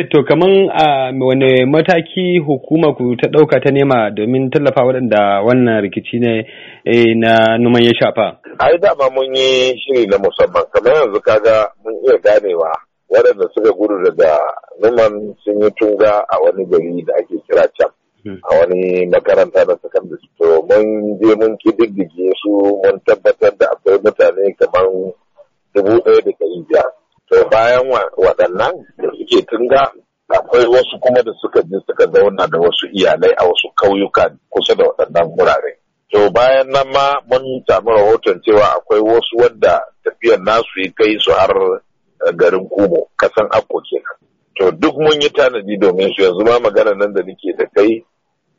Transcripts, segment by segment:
Eh, to kaman a wane mataki hukuma ku ta ɗauka ta nema domin tallafa waɗanda wannan rikici ne eh, na numan ya shafa? Ai dama mun yi shiri na musamman kamar yanzu kaga mun iya ganewa waɗanda suka gudu daga numan sun yi tunga a wani gari da ake kira can. Hmm. a wani makaranta da sakandare. to mun je mun ƙididdige su mun tabbatar da akwai mutane kamar dubu ɗaya da ɗari biyar to bayan waɗannan da suke tunga akwai wasu kuma da suka ji suka zauna da wasu iyalai a wasu kauyuka kusa da waɗannan wurare to bayan nan ma mun samu rahoton cewa akwai wasu wanda tafiyan nasu ya kai su har eh, garin kumo kasan akko kenan to duk mun yi tanadi domin su yanzu ma magana nan da nake da kai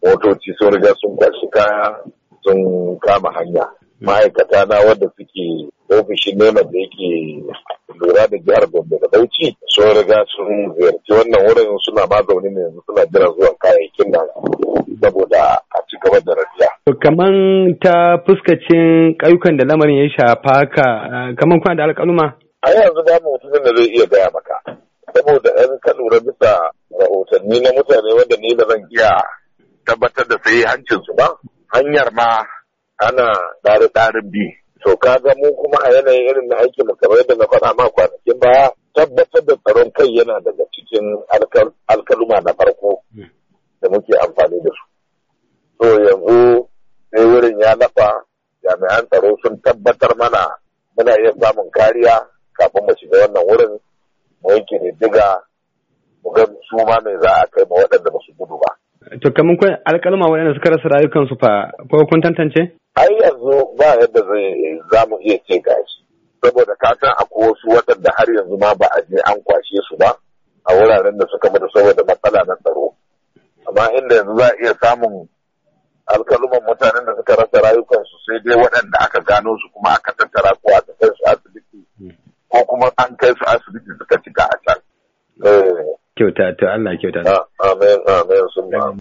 motoci sun riga sun kwashi kaya sun kama hanya ma'aikata na wadda suke ofishin nema da yake lura da jihar Gombe da Bauchi sun riga sun ziyarci wannan wurin suna ba zaune ne yanzu suna jira zuwan kayayyakin nan saboda a ci gaba da rabiya. Kaman ta fuskacin ƙauyukan da lamarin ya shafa ka eh, kaman kuna da alƙaluma? A yanzu mu mutumin da zai iya gaya maka. Saboda ɗan ka lura bisa rahotanni na mutane wanda ni da zan iya tabbatar da sai hancinsu ba. Hanyar ma ana ɗari-ɗarin bi. To kaga mu kuma a yanayin irin na aiki mu kamar yadda na faɗa ma kwanakin baya tabbatar da tsaron kai yana daga cikin alkaluma na farko hmm. da muke amfani da su. to yanzu sai wurin ya lafa jami'an tsaro sun tabbatar mana muna iya samun kariya kafin mu shiga wannan wurin mu yanke diga mu ga su ma me za a kai ma waɗanda ba su gudu ba. To kamar kun alƙalma waɗanda suka rasa rayukansu fa ko kun tantance? Ai yanzu ba yadda zai za mu iya ce gashi. Saboda ka san akwai wasu waɗanda har yanzu ma ba a je an kwashe su ba a wuraren da suka mutu saboda matsala na tsaro. Amma inda yanzu za a iya samun alƙaluman mutanen da suka rasa rayukansu sai dai waɗanda aka gano su kuma aka tattara ko kyauta to Allah kyauta amen amen sun